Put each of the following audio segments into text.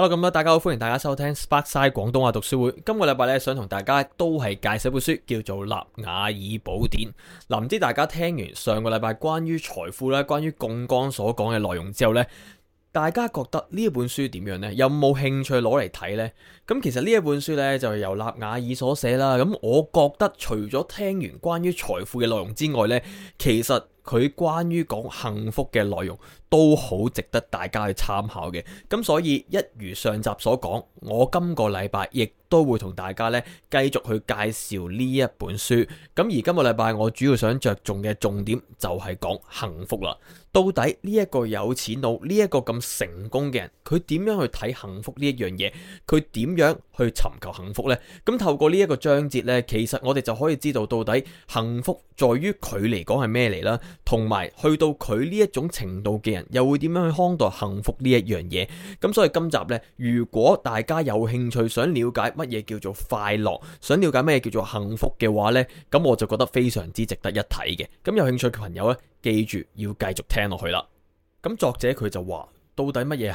hello，咁多大家好，歡迎大家收聽 Sparksine 廣東話讀書會。今個禮拜咧，想同大家都係介紹本書，叫做《納瓦爾寶典》。嗱、啊，唔知大家聽完上個禮拜關於財富咧、關於槓桿所講嘅內容之後咧，大家覺得呢一本書點樣呢？有冇興趣攞嚟睇呢？咁其實呢一本書呢，就係、由納瓦爾所寫啦。咁、嗯、我覺得除咗聽完關於財富嘅內容之外呢，其實佢關於講幸福嘅內容都好值得大家去參考嘅。咁、嗯、所以一如上集所講，我今個禮拜亦都會同大家呢繼續去介紹呢一本書。咁、嗯、而今個禮拜我主要想着重嘅重點就係講幸福啦。到底呢一個有錢佬、呢一個咁成功嘅人，佢點樣去睇幸福呢一樣嘢？佢點？樣去尋求幸福呢？咁透過呢一個章節呢，其實我哋就可以知道到底幸福在於佢嚟講係咩嚟啦，同埋去到佢呢一種程度嘅人，又會點樣去看待幸福呢一樣嘢？咁所以今集呢，如果大家有興趣想了解乜嘢叫做快樂，想了解乜嘢叫做幸福嘅話呢，咁我就覺得非常之值得一睇嘅。咁有興趣嘅朋友呢，記住要繼續聽落去啦。咁作者佢就話，到底乜嘢？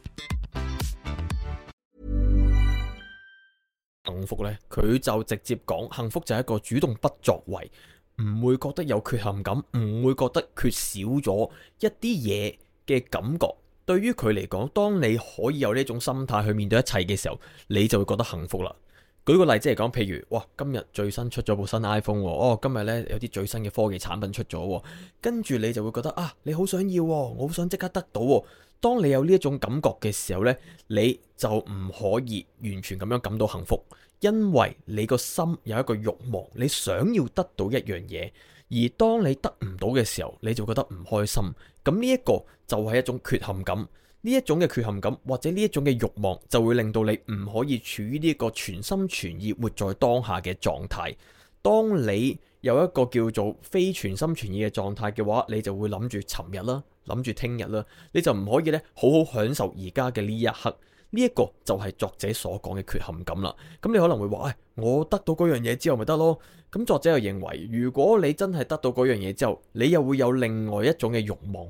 幸福呢，佢就直接講，幸福就係一個主動不作為，唔會覺得有缺陷感，唔會覺得缺少咗一啲嘢嘅感覺。對於佢嚟講，當你可以有呢種心態去面對一切嘅時候，你就會覺得幸福啦。舉個例子嚟講，譬如，哇，今日最新出咗部新 iPhone，喎，哦，今日呢有啲最新嘅科技產品出咗喎，跟住你就會覺得啊，你好想要喎，我好想即刻得到喎。當你有呢一種感覺嘅時候呢，你就唔可以完全咁樣感到幸福，因為你個心有一個慾望，你想要得到一樣嘢，而當你得唔到嘅時候，你就覺得唔開心。咁呢一個就係一種缺陷感，呢一種嘅缺陷感或者呢一種嘅慾望就會令到你唔可以處於呢一個全心全意活在當下嘅狀態。當你有一個叫做非全心全意嘅狀態嘅話，你就會諗住尋日啦。諗住聽日啦，你就唔可以咧好好享受而家嘅呢一刻，呢一個就係作者所講嘅缺陷感啦。咁你可能會話：唉，我得到嗰樣嘢之後咪得咯。咁作者又認為，如果你真係得到嗰樣嘢之後，你又會有另外一種嘅慾望。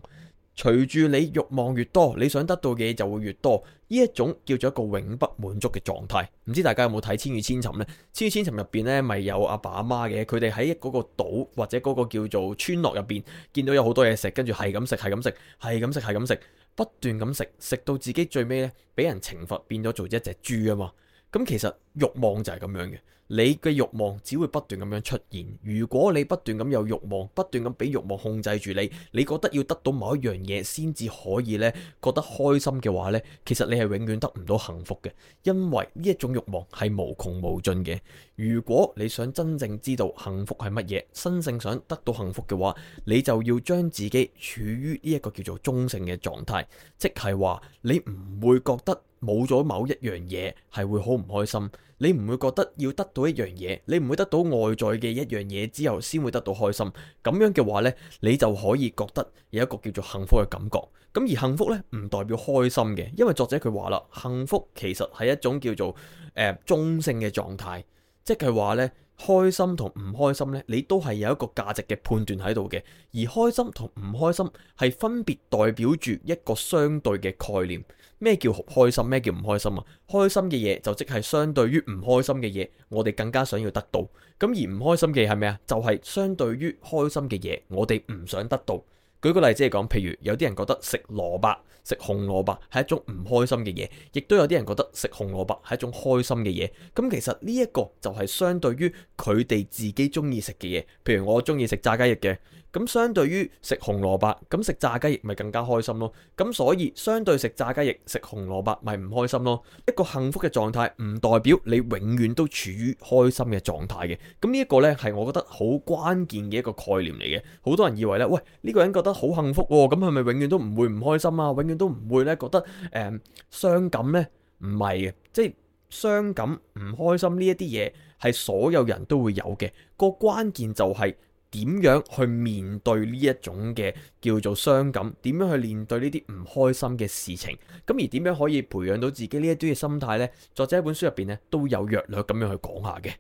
隨住你欲望越多，你想得到嘅嘢就會越多，呢一種叫做一個永不滿足嘅狀態。唔知大家有冇睇《千與千尋》呢？《千與千尋》入邊呢咪有阿爸阿媽嘅，佢哋喺嗰個島或者嗰個叫做村落入邊，見到有好多嘢食，跟住係咁食，係咁食，係咁食，係咁食，不斷咁食，食到自己最尾呢，俾人懲罰變咗做了一隻豬啊嘛！咁其實欲望就係咁樣嘅。你嘅欲望只會不斷咁樣出現。如果你不斷咁有欲望，不斷咁俾欲望控制住你，你覺得要得到某一樣嘢先至可以呢，覺得開心嘅話呢，其實你係永遠得唔到幸福嘅，因為呢一種欲望係無窮無盡嘅。如果你想真正知道幸福係乜嘢，真正想得到幸福嘅話，你就要將自己處於呢一個叫做中性嘅狀態，即係話你唔會覺得冇咗某一樣嘢係會好唔開心，你唔會覺得要得到一樣嘢，你唔會得到外在嘅一樣嘢之後先會得到開心。咁樣嘅話呢，你就可以覺得有一個叫做幸福嘅感覺。咁而幸福呢，唔代表開心嘅，因為作者佢話啦，幸福其實係一種叫做誒，呃，中性嘅狀態。即係話呢，開心同唔開心呢，你都係有一個價值嘅判斷喺度嘅。而開心同唔開心係分別代表住一個相對嘅概念。咩叫開心？咩叫唔開心啊？開心嘅嘢，就即係相對於唔開心嘅嘢，我哋更加想要得到。咁而唔開心嘅係咩啊？就係相對於開心嘅嘢，我哋唔想得到。舉個例子嚟講，譬如有啲人覺得食蘿蔔、食紅蘿蔔係一種唔開心嘅嘢，亦都有啲人覺得食紅蘿蔔係一種開心嘅嘢。咁其實呢一個就係相對於佢哋自己中意食嘅嘢，譬如我中意食炸雞翼嘅。咁相對於食紅蘿蔔，咁食炸雞翼咪更加開心咯。咁所以相對食炸雞翼、食紅蘿蔔咪唔開心咯。一個幸福嘅狀態唔代表你永遠都處於開心嘅狀態嘅。咁呢一個呢，係我覺得好關鍵嘅一個概念嚟嘅。好多人以為呢，喂，呢個人覺得好幸福喎，咁係咪永遠都唔會唔開心啊？永遠都唔會呢，覺得誒傷感呢？唔係嘅。即係傷感、唔開心呢一啲嘢係所有人都會有嘅。個關鍵就係。點樣去面對呢一種嘅叫做傷感？點樣去面對呢啲唔開心嘅事情？咁而點樣可以培養到自己呢一啲嘅心態呢？作者喺本書入邊咧都有約略咁樣去講下嘅。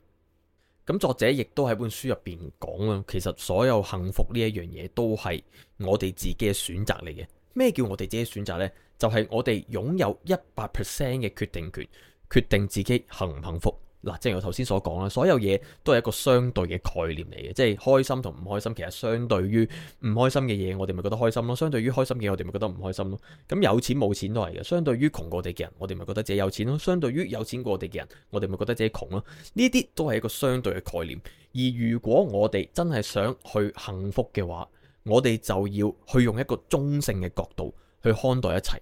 咁作者亦都喺本書入邊講啦，其實所有幸福呢一樣嘢都係我哋自己嘅選擇嚟嘅。咩叫我哋自己選擇呢？就係我哋擁有一百 percent 嘅決定權，決定自己幸唔幸福。嗱，正如我頭先所講啦，所有嘢都係一個相對嘅概念嚟嘅，即係開心同唔開心，其實相對於唔開心嘅嘢，我哋咪覺得開心咯；相對於開心嘅嘢，我哋咪覺得唔開心咯。咁有錢冇錢都係嘅，相對於窮過我哋嘅人，我哋咪覺得自己有錢咯；相對於有錢過我哋嘅人，我哋咪覺得自己窮咯。呢啲都係一個相對嘅概念。而如果我哋真係想去幸福嘅話，我哋就要去用一個中性嘅角度去看待一切。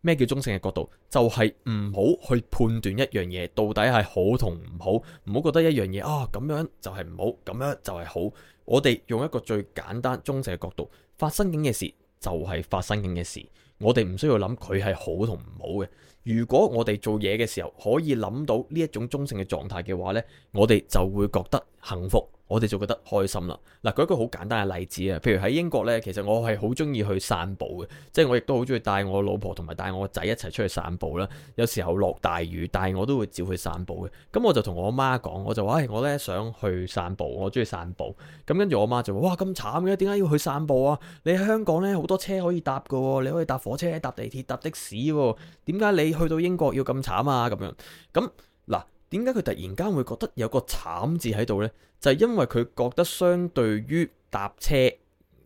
咩叫中性嘅角度？就係唔好去判斷一樣嘢到底係好同唔好，唔好覺得一樣嘢啊咁樣就係唔好，咁樣就係好。我哋用一個最簡單中性嘅角度，發生緊嘅事就係發生緊嘅事，我哋唔需要諗佢係好同唔好嘅。如果我哋做嘢嘅時候可以諗到呢一種中性嘅狀態嘅話咧，我哋就會覺得幸福，我哋就覺得開心啦。嗱，舉一個好簡單嘅例子啊，譬如喺英國咧，其實我係好中意去散步嘅，即係我亦都好中意帶我老婆同埋帶我仔一齊出去散步啦。有時候落大雨，但係我都會照去散步嘅。咁我就同我媽講，我就話唉、哎，我咧想去散步，我中意散步。咁跟住我媽就話哇，咁慘嘅，點解要去散步啊？你喺香港咧好多車可以搭嘅喎，你可以搭火車、搭地鐵、搭的士喎，點解你？去到英國要咁慘啊！咁樣咁嗱，點解佢突然間會覺得有個慘字喺度呢？就係因為佢覺得相對於搭車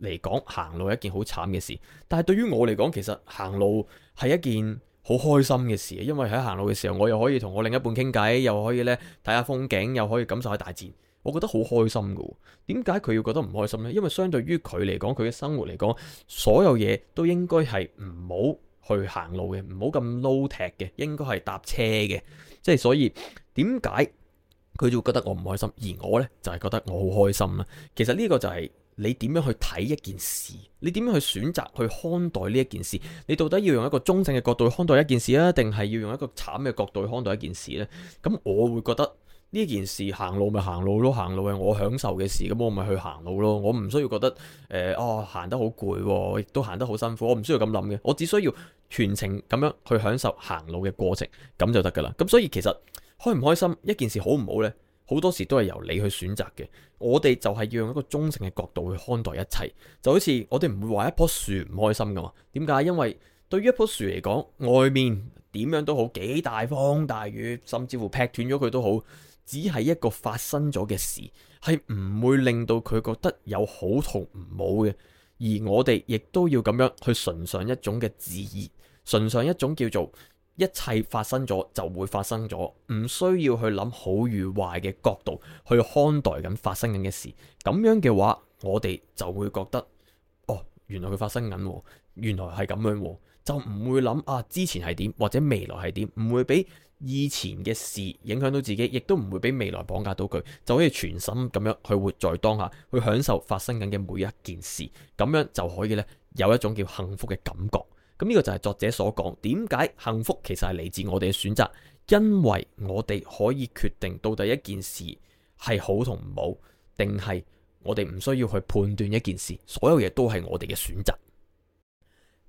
嚟講，行路係一件好慘嘅事。但係對於我嚟講，其實行路係一件好開心嘅事，因為喺行路嘅時候，我又可以同我另一半傾偈，又可以呢睇下風景，又可以感受下大自然。我覺得好開心噶。點解佢要覺得唔開心呢？因為相對於佢嚟講，佢嘅生活嚟講，所有嘢都應該係唔好。去行路嘅，唔好咁 low tech 嘅，應該係搭車嘅，即係所以點解佢就會覺得我唔開心，而我呢，就係、是、覺得我好開心啦。其實呢個就係你點樣去睇一件事，你點樣去選擇去看待呢一件事，你到底要用一個中正嘅角度去看待一件事啊，定係要用一個慘嘅角度去看待一件事呢？咁我會覺得。呢件事行路咪行路咯，行路係我享受嘅事，咁我咪去行路咯。我唔需要覺得誒、呃，哦行得好攰、哦，亦都行得好辛苦，我唔需要咁諗嘅。我只需要全程咁樣去享受行路嘅過程，咁就得噶啦。咁所以其實開唔開心，一件事好唔好呢？好多時都係由你去選擇嘅。我哋就係要用一個中性嘅角度去看待一切，就好似我哋唔會話一棵樹唔開心噶嘛。點解？因為對於一棵樹嚟講，外面點樣都好，幾大風大雨，甚至乎劈斷咗佢都好。只係一個發生咗嘅事，係唔會令到佢覺得有好同唔好嘅。而我哋亦都要咁樣去純上一種嘅旨意，純上一種叫做一切發生咗就會發生咗，唔需要去諗好與壞嘅角度去看待咁發生緊嘅事。咁樣嘅話，我哋就會覺得哦，原來佢發生緊，原來係咁樣，就唔會諗啊之前係點或者未來係點，唔會俾。以前嘅事影響到自己，亦都唔會俾未來綁架到佢，就可以全心咁樣去活在當下，去享受發生緊嘅每一件事，咁樣就可以呢，有一種叫幸福嘅感覺。咁呢個就係作者所講，點解幸福其實係嚟自我哋嘅選擇。因為我哋可以決定到底一件事係好同唔好，定係我哋唔需要去判斷一件事，所有嘢都係我哋嘅選擇。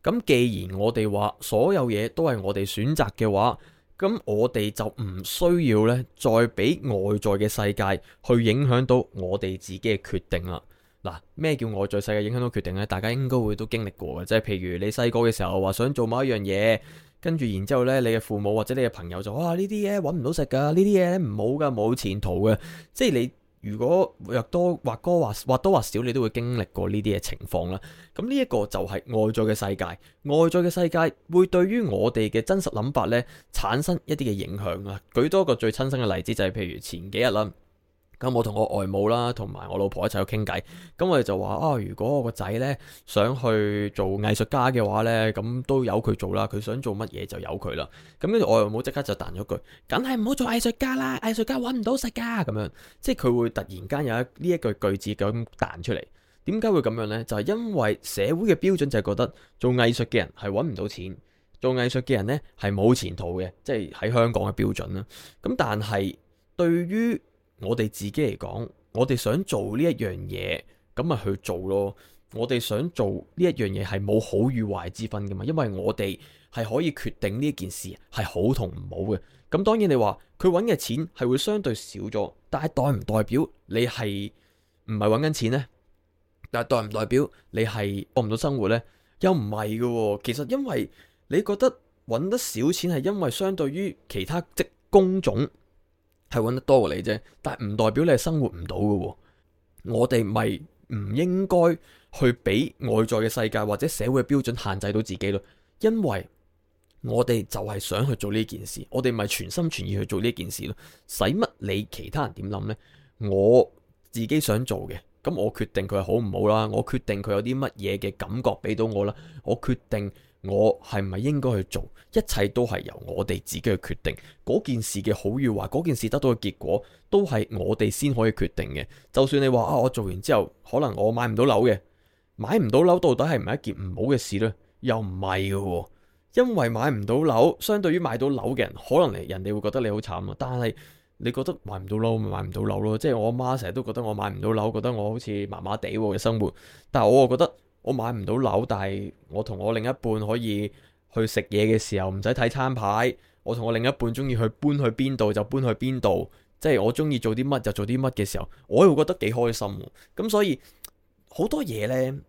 咁既然我哋話所有嘢都係我哋選擇嘅話，咁我哋就唔需要咧，再俾外在嘅世界去影響到我哋自己嘅決定啦。嗱，啊，咩叫外在世界影響到決定呢？大家應該會都經歷過嘅，即係譬如你細個嘅時候話想做某一樣嘢，跟住然之後呢，你嘅父母或者你嘅朋友就哇，呢啲嘢揾唔到食㗎，呢啲嘢唔好㗎，冇前途嘅，即係你。如果或多或多或或多或少，你都會經歷過呢啲嘅情況啦。咁呢一個就係外在嘅世界，外在嘅世界會對於我哋嘅真實諗法呢，產生一啲嘅影響啦。舉多個最親身嘅例子就係、是、譬如前幾日啦。有冇同我外母啦，同埋我老婆一齊去傾偈。咁我哋就話啊，如果我個仔呢想去做藝術家嘅話呢，咁都有佢做啦。佢想做乜嘢就有佢啦。咁跟住外母即刻就彈咗句，梗係唔好做藝術家啦！藝術家揾唔到食㗎。咁樣即係佢會突然間有一呢一句句子咁彈出嚟。點解會咁樣呢？就係因為社會嘅標準就係覺得做藝術嘅人係揾唔到錢，做藝術嘅人呢係冇前途嘅，即係喺香港嘅標準啦。咁但係對於我哋自己嚟講，我哋想做呢一樣嘢，咁咪去做咯。我哋想做呢一樣嘢係冇好與壞之分噶嘛，因為我哋係可以決定呢件事係好同唔好嘅。咁當然你話佢揾嘅錢係會相對少咗，但係代唔代表你係唔係揾緊錢呢？但係代唔代表你係過唔到生活呢？又唔係噶。其實因為你覺得揾得少錢係因為相對於其他職工種。係搵得多過你啫，但係唔代表你係生活唔到噶。我哋咪唔應該去俾外在嘅世界或者社會嘅標準限制到自己咯。因為我哋就係想去做呢件事，我哋咪全心全意去做呢件事咯。使乜理其他人點諗呢？我自己想做嘅，咁我決定佢好唔好啦。我決定佢有啲乜嘢嘅感覺俾到我啦。我決定。我係咪應該去做？一切都係由我哋自己去決定。嗰件事嘅好與壞，嗰件事得到嘅結果，都係我哋先可以決定嘅。就算你話啊，我做完之後，可能我買唔到樓嘅，買唔到樓到底係唔係一件唔好嘅事呢？又唔係嘅，因為買唔到樓，相對於買到樓嘅人，可能人哋會覺得你好慘啊。但係你覺得買唔到樓咪買唔到樓咯？即係我阿媽成日都覺得我買唔到樓，覺得我好似麻麻地嘅生活。但係我又覺得。我買唔到樓，但係我同我另一半可以去食嘢嘅時候，唔使睇餐牌。我同我另一半中意去搬去邊度就搬去邊度，即係我中意做啲乜就做啲乜嘅時候，我又覺得幾開心。咁所以好多嘢呢，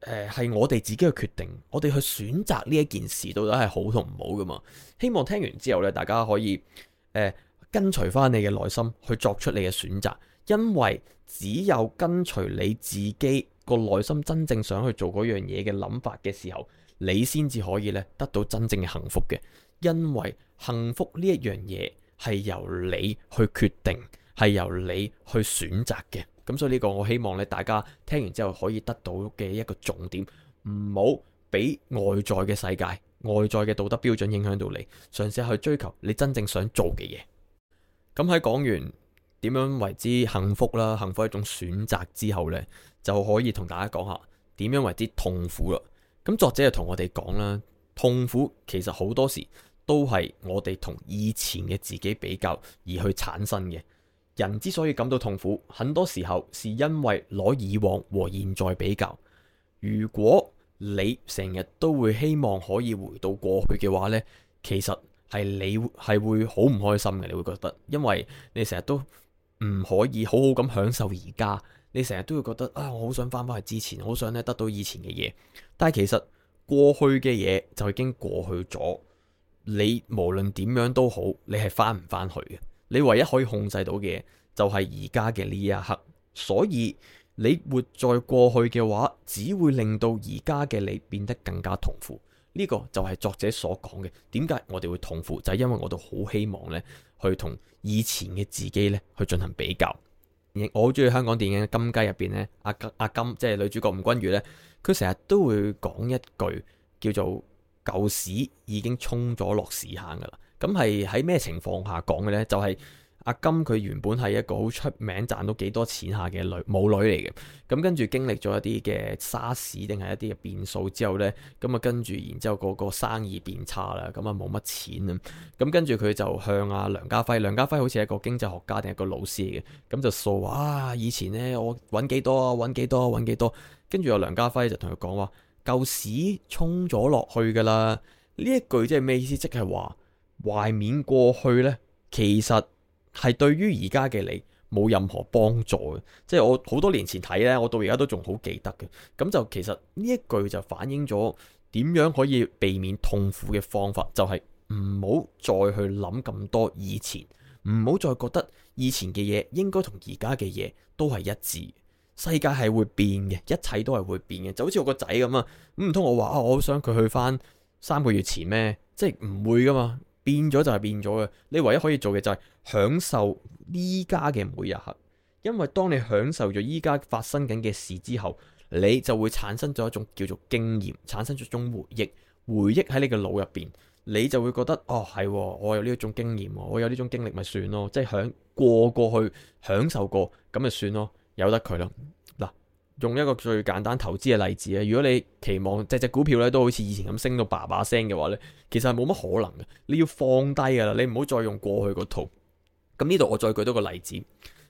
誒係我哋自己去決定，我哋去選擇呢一件事到底係好同唔好噶嘛。希望聽完之後咧，大家可以誒跟隨翻你嘅內心去作出你嘅選擇，因為只有跟隨你自己，個內心，真正想去做嗰樣嘢，嘅諗法嘅時候，你先至可以咧得到真正嘅幸福嘅，因為幸福呢一樣嘢，係由你去決定，係由你去選擇嘅。咁所以呢個我希望咧，大家聽完之後可以得到嘅一個重點，唔好俾外在嘅世界、外在嘅道德標準影響到你，嘗試去追求你真正想做嘅嘢。咁喺講完點樣為之幸福啦，幸福係一種選擇之後呢。就可以同大家講下點樣為之痛苦啦。咁作者又同我哋講啦，痛苦其實好多時都係我哋同以前嘅自己比較而去產生嘅。人之所以感到痛苦，很多時候是因為攞以往和現在比較。如果你成日都會希望可以回到過去嘅話呢，其實係你係會好唔開心嘅。你會覺得，因為你成日都唔可以好好咁享受而家。你成日都會覺得啊、哎，我好想翻翻去之前，好想咧得到以前嘅嘢。但係其實過去嘅嘢就已經過去咗。你無論點樣都好，你係翻唔翻去嘅。你唯一可以控制到嘅就係而家嘅呢一刻。所以你活在過去嘅話，只會令到而家嘅你變得更加痛苦。呢個就係作者所講嘅。點解我哋會痛苦？就係因為我哋好希望咧，去同以前嘅自己咧去進行比較。我好中意香港電影《金雞》入邊咧，阿、啊、金阿金即係女主角吳君如咧，佢成日都會講一句叫做舊屎已經沖咗落屎坑㗎啦。咁係喺咩情況下講嘅呢？就係、是。阿金佢原本係一個好出名，賺到幾多錢下嘅女母女嚟嘅。咁跟住經歷咗一啲嘅沙士，定係一啲嘅變數之後呢，咁啊跟住，然之後，然後個生意變差啦，咁啊冇乜錢啊。咁跟住佢就向阿梁家輝，梁家輝好似係一個經濟學家定係一個老師嚟嘅。咁就訴，哇，以前呢，我揾幾多，啊？揾幾多，啊？揾幾多。跟住阿梁家輝就同佢講話：舊屎沖咗落去噶啦。呢一句即係咩意思？即係話懷緬過去呢，其實。係對於而家嘅你冇任何幫助嘅，即係我好多年前睇呢，我到而家都仲好記得嘅。咁就其實呢一句就反映咗點樣可以避免痛苦嘅方法，就係唔好再去諗咁多以前，唔好再覺得以前嘅嘢應該同而家嘅嘢都係一致。世界係會變嘅，一切都係會變嘅。就好似我個仔咁啊，唔通我話啊，我好想佢去翻三個月前咩？即係唔會噶嘛。變咗就係變咗嘅，你唯一可以做嘅就係享受依家嘅每一刻，因為當你享受咗依家發生緊嘅事之後，你就會產生咗一種叫做經驗，產生咗種回憶，回憶喺你嘅腦入邊，你就會覺得哦係、哦，我有呢一種經驗，我有呢種經歷咪算咯，即係享過去過去享受過咁咪算咯，由得佢啦。用一個最簡單投資嘅例子咧，如果你期望隻隻股票咧都好似以前咁升到叭叭聲嘅話咧，其實係冇乜可能嘅。你要放低噶啦，你唔好再用過去個圖。咁呢度我再舉多個例子，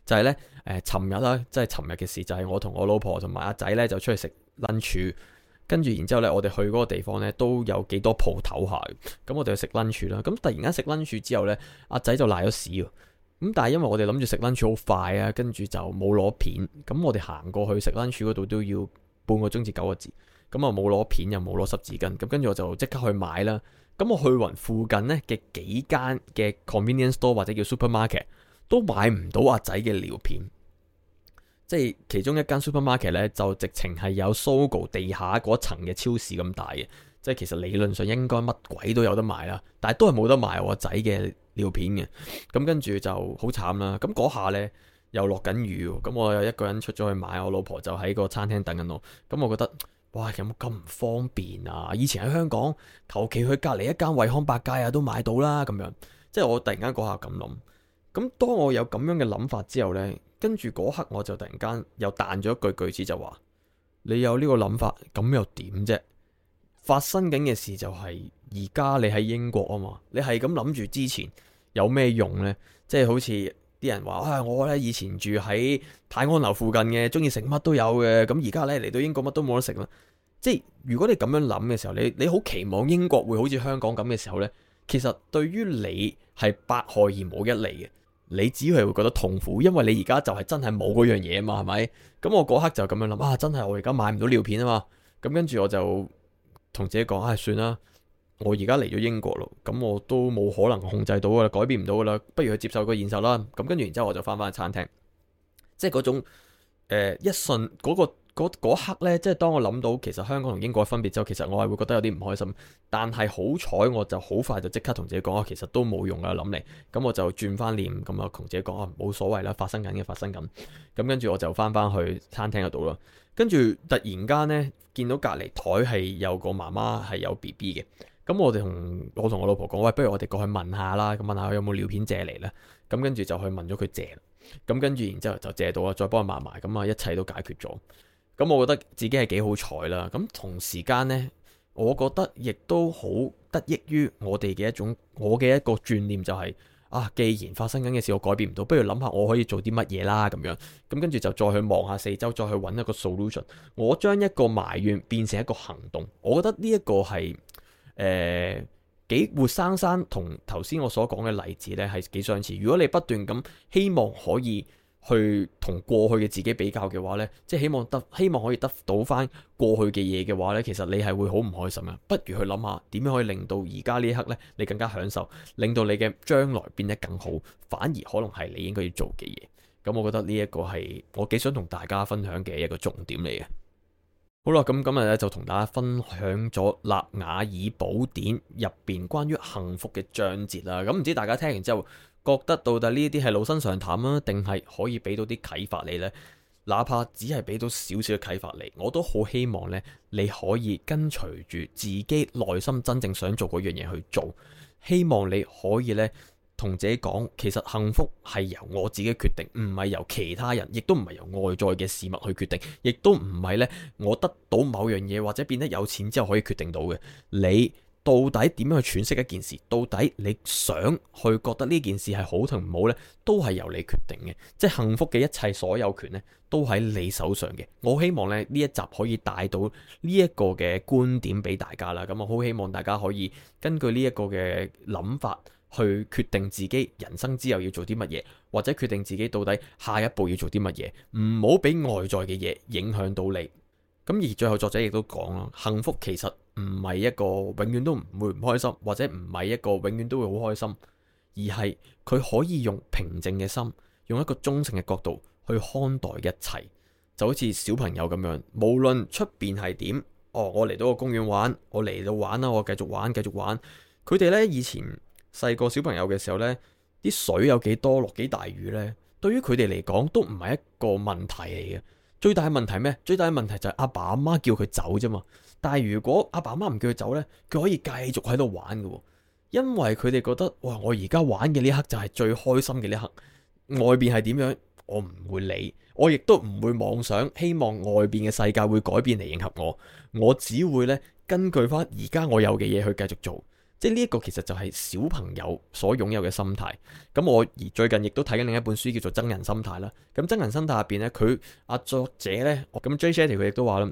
就係咧誒，尋、呃、日啦，即係尋日嘅事，就係、是、我同我老婆同埋阿仔咧就出去食 lunch，跟住然之後咧我哋去嗰個地方咧都有幾多鋪頭下嘅。咁我哋去食 lunch 啦，咁突然間食 lunch 之後咧，阿仔就瀨咗屎喎。咁但係因為我哋諗住食 lunch 好快啊，跟住就冇攞片，咁我哋行過去食 lunch 嗰度都要半個鐘至九個字，咁啊冇攞片又冇攞濕紙巾，咁跟住我就即刻去買啦。咁我去完附近咧嘅幾間嘅 convenience store 或者叫 supermarket 都買唔到阿仔嘅尿片，即係其中一間 supermarket 咧就直情係有 Sogo 地下嗰層嘅超市咁大嘅，即係其實理論上應該乜鬼都有得賣啦，但係都係冇得賣我仔嘅。尿片嘅，咁跟住就好慘啦。咁嗰下呢，又落緊雨，咁我又一個人出咗去買，我老婆就喺個餐廳等緊我。咁我覺得哇，有冇咁唔方便啊？以前喺香港，求其去隔離一間惠康百佳啊，都買到啦。咁樣，即係我突然間嗰下咁諗。咁當我有咁樣嘅諗法之後呢，跟住嗰刻我就突然間又彈咗一句句子就話：你有呢個諗法，咁又點啫？發生緊嘅事就係而家你喺英國啊嘛，你係咁諗住之前有咩用呢？即係好似啲人話啊，哎，我咧以前住喺泰安樓附近嘅，中意食乜都有嘅。咁而家咧嚟到英國乜都冇得食啦。即係如果你咁樣諗嘅時候，你你好期望英國會好似香港咁嘅時候呢，其實對於你係百害而冇一利嘅。你只係會覺得痛苦，因為你而家就係真係冇嗰樣嘢啊嘛，係咪？咁我嗰刻就咁樣諗啊，真係我而家買唔到尿片啊嘛。咁跟住我就。同自己講：唉，算啦，我而家嚟咗英國咯，咁我都冇可能控制到噶啦，改變唔到噶啦，不如去接受個現實啦。咁跟住然之後，我就翻翻去餐廳，即係嗰種一瞬嗰個嗰刻呢。即係當我諗到其實香港同英國嘅分別之後，其實我係會覺得有啲唔開心。但係好彩，我就好快就即刻同自己講啊，其實都冇用噶諗嚟。咁我就轉翻念，咁啊同自己講啊，冇所謂啦，發生緊嘅發生緊。咁跟住我就翻翻去餐廳嗰度啦。跟住突然間呢，見到隔離台係有個媽媽係有 B B 嘅。咁我哋同我同我老婆講：喂，不如我哋過去問下啦。咁問下佢有冇尿片借嚟呢？咁跟住就去問咗佢借。咁跟住，然之後就借到啦，再幫佢買埋。咁啊，一切都解決咗。咁我覺得自己係幾好彩啦。咁同時間呢，我覺得亦都好得益於我哋嘅一種我嘅一個轉念，就係，就係。啊！既然發生緊嘅事我改變唔到，不如諗下我可以做啲乜嘢啦，咁樣，咁跟住就再去望下四周，再去揾一個 solution。我將一個埋怨變成一個行動，我覺得呢一個係誒幾活生生，同頭先我所講嘅例子呢係幾相似。如果你不斷咁希望可以。去同過去嘅自己比較嘅話呢，即係希望得希望可以得到翻過去嘅嘢嘅話呢，其實你係會好唔開心嘅。不如去諗下點樣可以令到而家呢一刻呢，你更加享受，令到你嘅將來變得更好，反而可能係你應該要做嘅嘢。咁我覺得呢一個係我幾想同大家分享嘅一個重點嚟嘅。好啦，咁今日咧就同大家分享咗《納瓦爾寶典》入邊關於幸福嘅章節啦。咁唔知大家聽完之後，覺得到底呢啲係老生常談啊，定係可以俾到啲啟發你呢？哪怕只係俾到少少嘅啟發你，我都好希望呢，你可以跟隨住自己內心真正想做嗰樣嘢去做。希望你可以呢，同自己講，其實幸福係由我自己決定，唔係由其他人，亦都唔係由外在嘅事物去決定，亦都唔係呢，我得到某樣嘢或者變得有錢之後可以決定到嘅。你。到底點樣去詮釋一件事？到底你想去覺得呢件事係好同唔好呢？都係由你決定嘅。即係幸福嘅一切所有權呢，都喺你手上嘅。我希望咧呢一集可以帶到呢一個嘅觀點俾大家啦。咁我好希望大家可以根據呢一個嘅諗法去決定自己人生之後要做啲乜嘢，或者決定自己到底下一步要做啲乜嘢。唔好俾外在嘅嘢影響到你。咁而最後作者亦都講幸福其實。唔係一個永遠都唔會唔開心，或者唔係一個永遠都會好開心，而係佢可以用平靜嘅心，用一個中性嘅角度去看待一切，就好似小朋友咁樣，無論出邊係點，哦，我嚟到個公園玩，我嚟到玩啦，我繼續玩，繼續玩。佢哋呢以前細個小朋友嘅時候呢，啲水有幾多，落幾大雨呢？對於佢哋嚟講都唔係一個問題嚟嘅。最大嘅問題咩？最大嘅問題就係阿爸阿媽叫佢走啫嘛。但係如果阿爸阿媽唔叫佢走呢，佢可以繼續喺度玩嘅。因為佢哋覺得哇，我而家玩嘅呢刻就係最開心嘅呢刻。外邊係點樣，我唔會理，我亦都唔會妄想希望外邊嘅世界會改變嚟迎合我。我只會咧根據翻，而家我有嘅嘢去繼續做。即係呢一個其實就係小朋友所擁有嘅心態。咁我而最近亦都睇緊另一本書叫做《真人心態》啦。咁《真人心態》入邊咧，佢阿、啊、作者咧，咁 Jay Shetty 佢亦都話啦，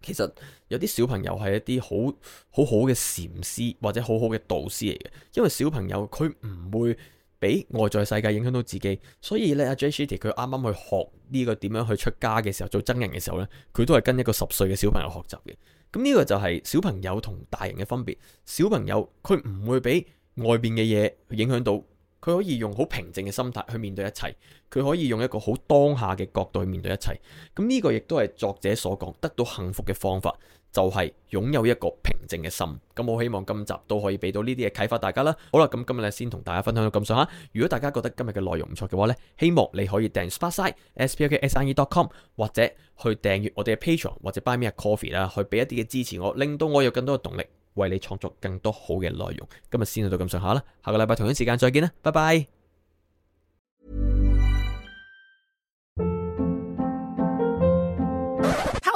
其實有啲小朋友係一啲好好好嘅禪師或者好好嘅導師嚟嘅。因為小朋友佢唔會俾外在世界影響到自己，所以咧阿 Jay Shetty 佢啱啱去學呢個點樣去出家嘅時候做真人嘅時候咧，佢都係跟一個十歲嘅小朋友學習嘅。咁呢個就係小朋友同大人嘅分別。小朋友佢唔會俾外邊嘅嘢影響到，佢可以用好平靜嘅心態去面對一切，佢可以用一個好當下嘅角度去面對一切。咁呢個亦都係作者所講得到幸福嘅方法。就係擁有一個平靜嘅心，咁我希望今集都可以俾到呢啲嘢啟發大家啦。好啦，咁今日咧先同大家分享到咁上下。如果大家覺得今日嘅內容唔錯嘅話呢，希望你可以訂閱 Sparksine，sparksine dot com，或者去訂閱我哋嘅 Patreon 或者 Buy Me a Coffee 啦，ee, 去俾一啲嘅支持我，令到我有更多嘅動力，為你創作更多好嘅內容。今日先到到咁上下啦，下個禮拜同樣時間再見啦，拜拜。